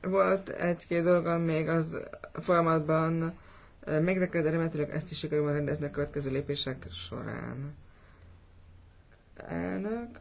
Volt egy-két dolog, még az folyamatban eh, megreked, de remélhetőleg ezt is sikerül rendezni a következő lépések során. Elnök,